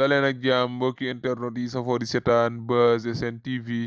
daleen nag jàmm mbokki internet yi safoo di seetaan ba SN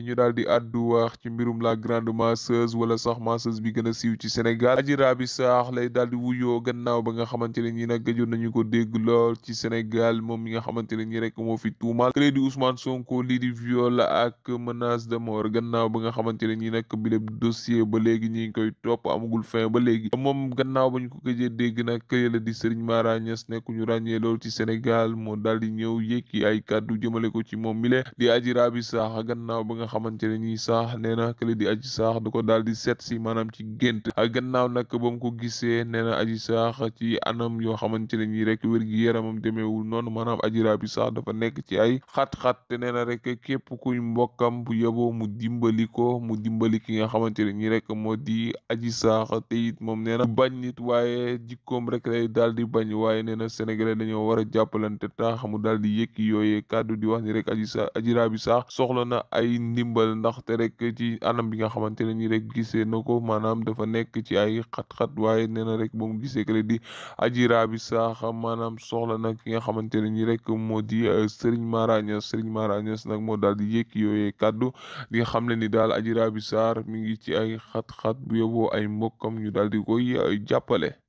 ñu daal di àddu wax ci mbirum la grande masseuse wala sax masseuse bi gën a siiw ci Sénégal Adji Raby Sarr lay daal di wuyoo gannaaw ba nga xamante ne nii nag gëjoon nañu ko dégg lool ci Sénégal moom mi nga xamante ne nii rek moo fi tuumal crédit Ousmane Sonko lii di viol ak menace de mort gannaaw ba nga xamante ne nii nag bileb dossier ba léegi ñi ngi koy topp amagul fin ba léegi moom gannaaw ba ñu ko gëjee dégg nag kële la di Serigne Mara Niass nekk ñu ràññee lool ci Sénégal moo daal di ñëw yëkki ay kàddu jëmale ko ci moom mile di aji raabi saax gannaaw ba nga xamante ne nii saax nee na kële di aji saax da ko daal di seet si maanaam ci gént ah, gannaaw nag ba mu ko gisee nee na aji saax ci anam yoo xamante ne nii rek wér gi yaramam demeewul noonu maanaam aji raabi saax dafa nekk ci ay xat-xat te nee na rek képp kuy mbokkam bu yeboo mu dimbali ko mu dimbali ki nga xamante ne nii rek moo di aji sax te it moom nee na bañ nit waaye jikkoom rek lay daal di bañ waaye nee na sénégalais dañoo war a jàppalante tax mu di yëkki yooyee kàddu di wax ni rek aji sa aji rabi sax soxla na ay ndimbal ndaxte rek ci anam bi nga xamante ne nii rek gisee na ko maanaam dafa nekk ci ay xat-xat waaye nee na rek ba mu gisee que di aji rabi sax maanaam soxla na ki nga xamante ne nii rek moo di euh, Serigne Mara Niass Serigne Mara Niass nag moo daal di yëkki yooyee kàddu di nga xam ne ni daal aji rabi sax mi ngi ci ay xat-xat bu yóbboo ay mbokkam ñu daal di koy euh, jàppale